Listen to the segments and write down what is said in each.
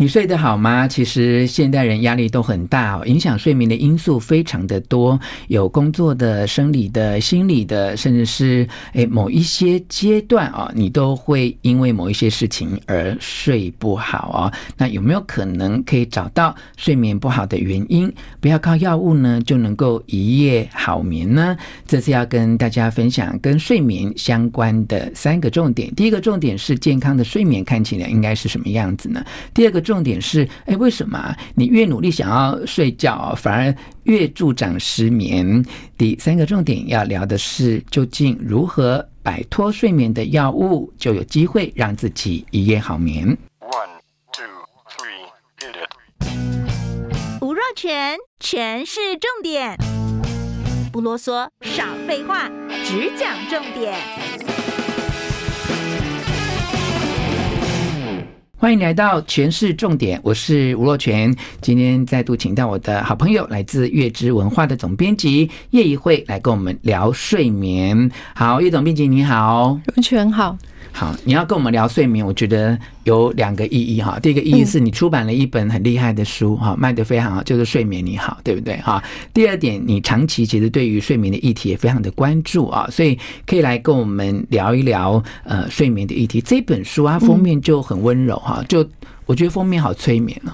你睡得好嗎？其實現代人壓力都很大、哦，影響睡眠的因素非常的多，有工作的、生理的、心理的，甚至是誒、欸、某一些階段啊、哦，你都會因為某一些事情而睡不好哦。那有沒有可能可以找到睡眠不好的原因，不要靠藥物呢，就能夠一夜好眠呢？這次要跟大家分享跟睡眠相關的三個重點。第一個重點是健康的睡眠看起來應該是什麼樣子呢？第二個。重點是，哎，為什麼你越努力想要睡覺，反而越助長失眠？第三個重點要聊的是，究竟如何擺脫睡眠的藥物，就有機會讓自己一夜好眠。One, two, three, get it. 吳若權，全是重點，不囉嗦，少廢話，只講重點。歡迎來到《權式重點》，我是吳若權。今天再度請到我的好朋友，來自悅知文化的總編輯葉怡慧，來跟我們聊睡眠。好，葉總編輯，你好。若權好。好，你要跟我們聊睡眠，我覺得有兩個意義哈。第一個意義是你出版了一本很厲害的書哈，賣得非常好，就是《睡眠你好》，對不對哈。第二點，你長期其實對於睡眠的議題也非常的關注啊，所以可以來跟我們聊一聊呃睡眠的議題。這本書啊，封面就很溫柔哈，就。我覺得封面好催眠哦，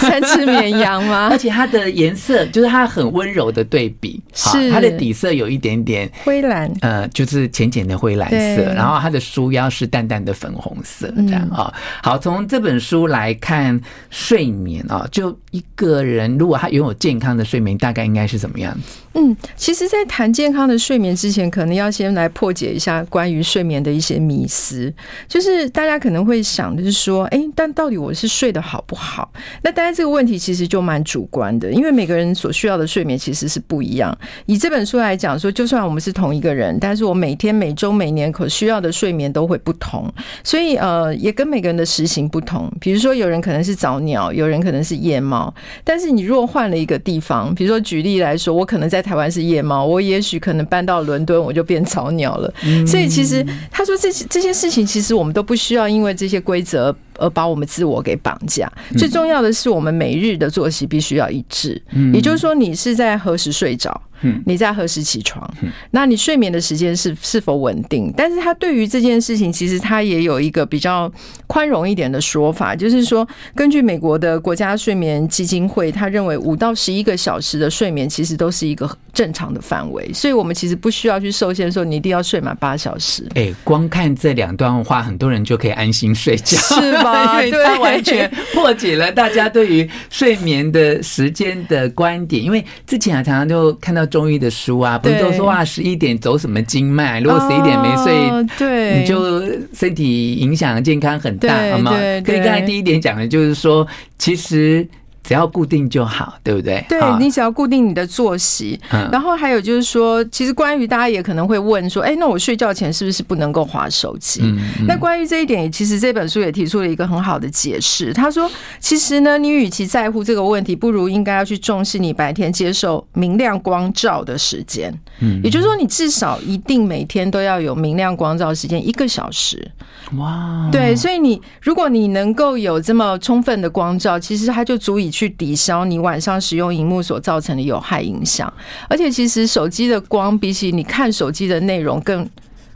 在吃綿羊嗎？ 而且它的顏色就是它很溫柔的對比，是它的底色有一點點灰藍，呃，就是淺淺的灰藍色。對然後它的書腰是淡淡的粉紅色、嗯、這樣啊、哦。好，從這本書來看睡眠啊、哦，就一個人如果他擁有健康的睡眠，大概應該是怎麼樣子？嗯，其實，在談健康的睡眠之前，可能要先來破解一下關於睡眠的一些迷思，就是大家可能會想就是說，哎、欸，但到底我我是睡得好不好？那當然這個問題其實就蠻主觀的，因為每個人所需要的睡眠其實是不一樣。以這本書來講說，就算我們是同一個人，但是我每天、每週、每年可需要的睡眠都會不同，所以呃，也跟每個人的時型不同。比如說，有人可能是早鳥，有人可能是夜貓。但是你若換了一個地方，比如說舉例來說，我可能在台灣是夜貓，我也許可能搬到倫敦，我就變早鳥了。嗯。所以其實他說這這些事情，其實我們都不需要因為這些規則。而把我們自我給綁架。最重要的是，我們每日的作息必須要一致。也就是說，你是在何時睡着？嗯，你在何時起床？嗯，嗯那你睡眠的時間是是否穩定？但是，他對於這件事情，其實他也有一個比較寬容一點的說法，就是說，根據美國的國家睡眠基金會，他認為五到十一個小時的睡眠其實都是一個正常的範圍，所以我們其實不需要去受限說你一定要睡滿八小時。哎、欸，光看這兩段話，很多人就可以安心睡覺，是嗎？對，他完全破解了大家對於睡眠的時間的觀點，因為之前啊，常常就看到。中醫的書啊，不是都說啊，十一點走什麼經脈？如果十一點沒睡，你就身體影響健康很大，好嗎？所以剛才第一點講的就是說，其實。只要固定就好，對不對？對，你只要固定你的作息，嗯、然後還有就是說，其實關於大家也可能會問說，哎，那我睡覺前是不是不能夠滑手機？嗯嗯、那關於這一點，其實這本書也提出了一個很好的解釋。他說，其實呢，你與其在乎這個問題，不如應該要去重視你白天接受明亮光照的時間。嗯，也就是說，你至少一定每天都要有明亮光照時間一個小時。哇，對，所以你如果你能夠有這麼充分的光照，其實它就足以。去抵消你晚上使用熒幕所造成的有害影響，而且其實手機的光比起你看手機的內容更，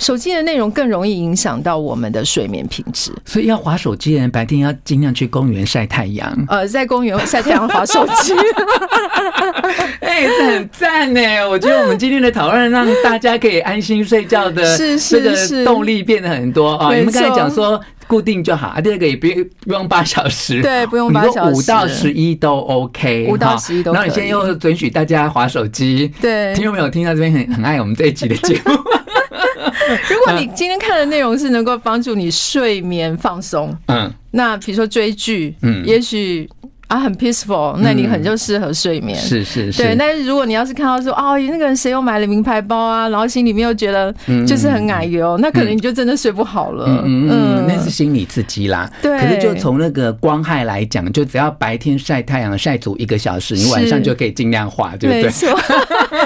手機的內容更容易影響到我們的睡眠品質。所以要滑手機的人，白天要盡量去公園曬太陽。呃，在公園曬太陽滑手機，哎、 欸，很讚哎、欸！我覺得我們今天的討論讓大家可以安心睡覺的這個 是是是動力變得很多啊錯、哦！你們剛才講說。固定就好，啊、第二個也不用八小時，對，不用八小時，你說五到十一都 OK，五到十一都。那你現在又准許大家滑手機？對，聽有沒有聽到這邊很很愛我們這一集的節目。 如果你今天看的內容是能夠幫助你睡眠放鬆，嗯，那比如說追劇，嗯，也許。啊，很 peaceful，那你很就適合睡眠。是是是，對。但是如果你要是看到說，哦，那個人誰又買了名牌包啊，然後心裡面又覺得就是很哎呦，那可能你就真的睡不好了。嗯嗯，那是心理刺激啦。對。可是就從那個光害來講，就只要白天曬太陽曬足一個小時，你晚上就可以盡量滑，對不對？沒錯，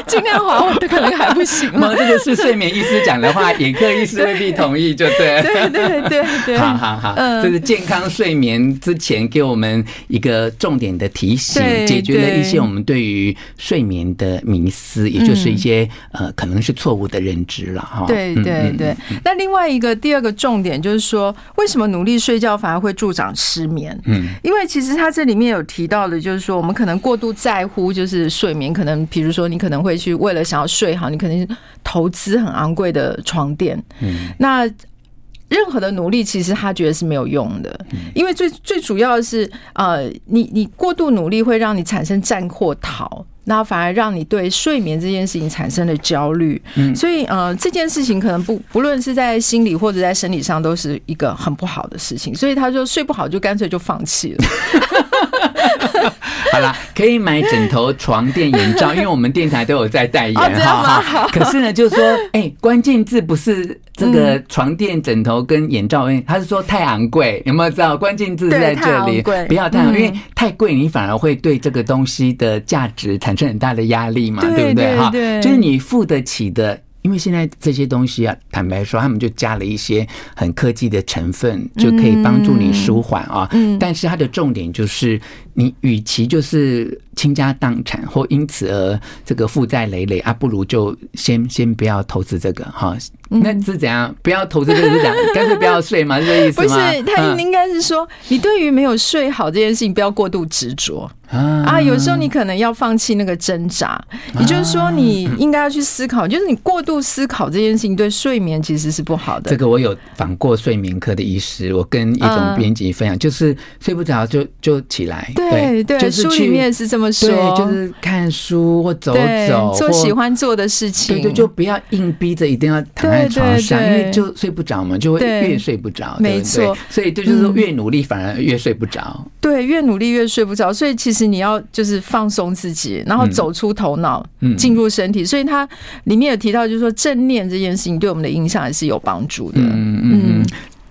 盡量滑，我可能還不行。這個是睡眠醫師講的話，眼科醫師未必同意，就對。對對對對。好好好，嗯，就是健康睡眠之前給我們一個。重點的提醒，對對對，解決了一些我們對於睡眠的迷思，嗯，也就是一些呃可能是錯誤的認知了哈。對對對。嗯嗯嗯。那另外一個第二個重點就是說，為什麼努力睡覺反而會助長失眠？嗯，因為其實它這裡面有提到的，就是說我們可能過度在乎就是睡眠，可能比如說你可能會去為了想要睡好，你可能投資很昂貴的床墊。嗯，那。任何的努力，其實他覺得是沒有用的，因為最最主要的是，呃，你你過度努力會讓你產生戰或逃，那反而讓你對睡眠這件事情產生了焦慮，嗯、所以呃，這件事情可能不不論是在心理或者在生理上都是一個很不好的事情，所以他就睡不好，就乾脆就放棄了。 好了。.可以買枕頭、床墊、眼罩， 因為我們電台都有在代言哈、 哦。可是呢，就是說，哎、欸，關鍵字不是這個床墊、枕頭跟眼罩，因為、嗯、它是說太昂貴，有沒有知道？關鍵字在這裡，昂貴不要太昂貴，嗯、因為太貴你反而會對這個東西的價值產生很大的壓力嘛，對不對，對？哈，就是你付得起的，因為現在這些東西啊，坦白說，他們就加了一些很科技的成分，嗯、就可以幫助你舒緩啊、喔。嗯、但是它的重點就是。你與其就是傾家蕩產或因此而這個負債累累啊，不如就先先不要投資這個哈。那是怎樣？不要投資就是怎樣幹 脆不要睡嘛，是這個、意思嗎？不是，他應該是說，你對於沒有睡好這件事情，不要過度執着啊啊！有時候你可能要放棄那個掙扎。啊、也就是說，你應該要去思考，就是你過度思考這件事情，對睡眠其實是不好的。這個我有訪過睡眠科的醫師，我跟一種編輯分享，嗯、就是睡不着就就起來。對對，對書裡面是這麼說，就是看書或走走或，做喜歡做的事情，對，對對，就不要硬逼着一定要躺在床上，對對對，因為就睡不着嘛，就會越睡不着，沒錯。所以就，就是說，越努力反而越睡不着、嗯，對，越努力越睡不着。所以其實你要就是放鬆自己，然後走出頭腦，進、嗯、入身體。所以他裡面有提到，就是說正念這件事情對我們的影響還是有幫助的，嗯嗯。嗯嗯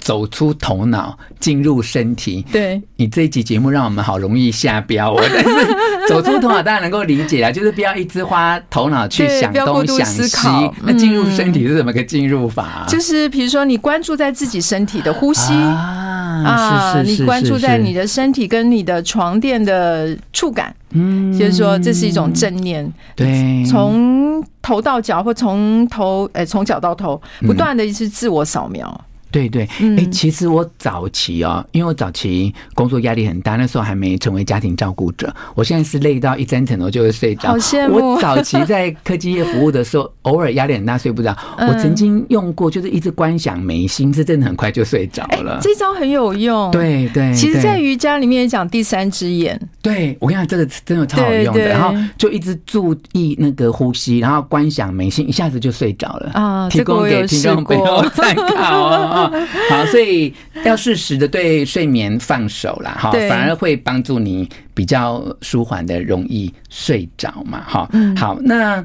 走出頭腦，進入身體。對，你這一集節目，讓我們好容易下標、喔。我 但是走出頭腦，大家能夠理解啊，就是不要一直花頭腦去想東想西。不要過度思考，那進入身體是怎麼個進入法、啊嗯？就是比如說，你關注在自己身體的呼吸啊，你關注在你的身體跟你的床墊的觸感。嗯，就是說這是一種正念。對，從頭到腳，或從頭哎，從、欸、腳到頭，不斷的一次自我掃描。嗯對,對對，哎、欸，其實我早期哦、喔，因為我早期工作壓力很大，那時候還沒成為家庭照顧者。我現在是累到一沾枕頭我就會睡着。好羨慕！我早期在科技業服務的時候， 偶爾壓力很大睡不着。我曾經用過，就是一直觀想眉心，嗯、是真的很快就睡着了。欸、這招很有用。對,對對。其實在瑜伽裡面也講第三隻眼。對，我跟你講，這個真的超好用的。對對對然後就一直注意那個呼吸，然後觀想眉心，眉心一下子就睡着了。啊，提供給這個我有試過。 好，所以要適時的對睡眠放手啦。哈對，反而會幫助你比較舒緩的容易睡着嘛，哈，嗯，好，那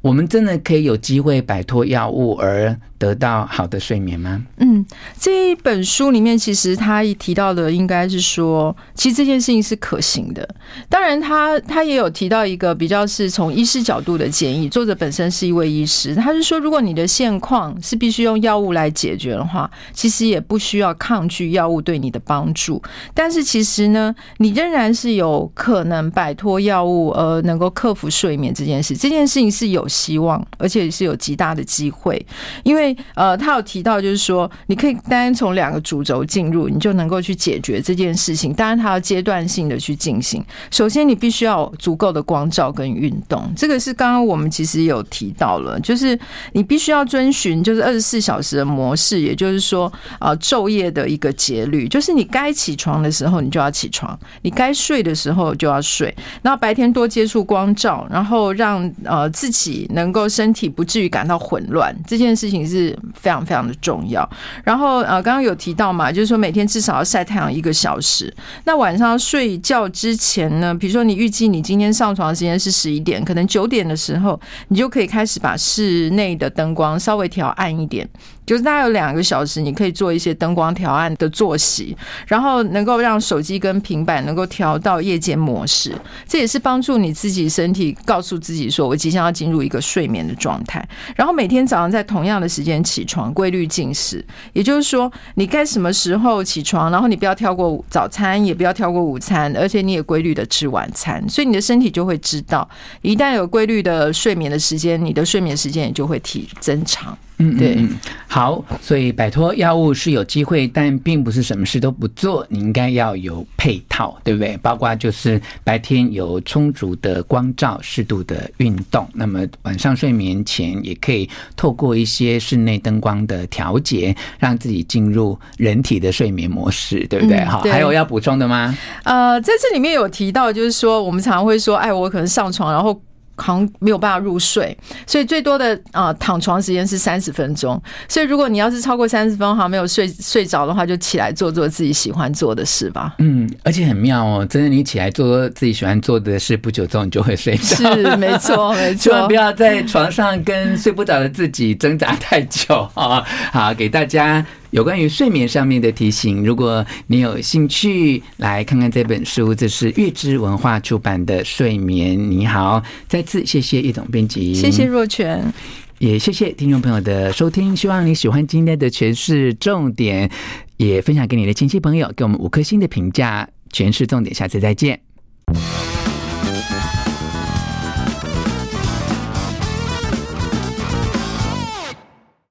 我們真的可以有機會擺脫藥物而。得到好的睡眠嗎？嗯，這一本書裡面其實他一提到的應該是說，其實這件事情是可行的。當然，他他也有提到一個比較是從醫師角度的建議。作者本身是一位醫師，他是說，如果你的現況是必須用藥物來解決的話，其實也不需要抗拒藥物對你的幫助。但是，其實呢，你仍然是有可能擺脫藥物，而能夠克服睡眠這件事。這件事情是有希望，而且是有極大的機會，因為。呃，他有提到，就是說你可以單從兩個主軸進入，你就能夠去解決這件事情。當然，他要階段性的去進行。首先，你必須要足夠的光照跟運動，這個是剛剛我們其實有提到了，就是你必須要遵循就是二十四小時的模式，也就是說，呃，晝夜的一個節律，就是你該起床的時候你就要起床，你該睡的時候就要睡。然後白天多接觸光照，然後讓呃自己能夠身體不至於感到混亂。這件事情是，是非常非常的重要。然後呃，剛剛有提到嘛，就是說每天至少要曬太陽一個小時。那晚上睡覺之前呢，比如說你預計你今天上床時間是十一點，可能九點的時候，你就可以開始把室內的燈光稍微調暗一點。就是大概有兩個小時，你可以做一些燈光調暗的作息，然後能夠讓手機跟平板能夠調到夜間模式。這也是幫助你自己身體告訴自己說：“我即將要進入一個睡眠的狀態。”然後每天早上在同樣的時間起床，規律進食。也就是說，你該什麼時候起床，然後你不要跳過早餐，也不要跳過午餐，而且你也規律的吃晚餐。所以你的身體就會知道，一旦有規律的睡眠的時間，你的睡眠時間也就會提增長。嗯，嗯，對，好，所以擺脫藥物是有機會，但並不是什麼事都不做，你應該要有配套，對不對？包括就是白天有充足的光照、適度的運動，那麼晚上睡眠前也可以透過一些室內燈光的調節，讓自己進入人體的睡眠模式，對不對？好，嗯，還有要補充的嗎？呃，在這裡面有提到，就是說我們常常會說，哎，我可能上床，然後。好像沒有辦法入睡，所以最多的啊、呃、躺床時間是三十分鐘。所以如果你要是超過三十分鐘好像沒有睡睡着的話，就起來做做自己喜歡做的事吧。嗯，而且很妙哦，真的，你起來做自己喜歡做的事，不久之後你就會睡着。是，沒錯，沒錯。千萬不要在床上跟睡不着的自己掙扎太久 好，好，給大家。有關於睡眠上面的提醒，如果你有興趣來看看這本書，這是悅知文化出版的《睡眠，你好》。再次謝謝葉總編輯，謝謝若權，也謝謝聽眾朋友的收聽。希望你喜歡今天的權式重點，也分享給你的親戚朋友，給我們五顆星的評價。權式重點，下次再見。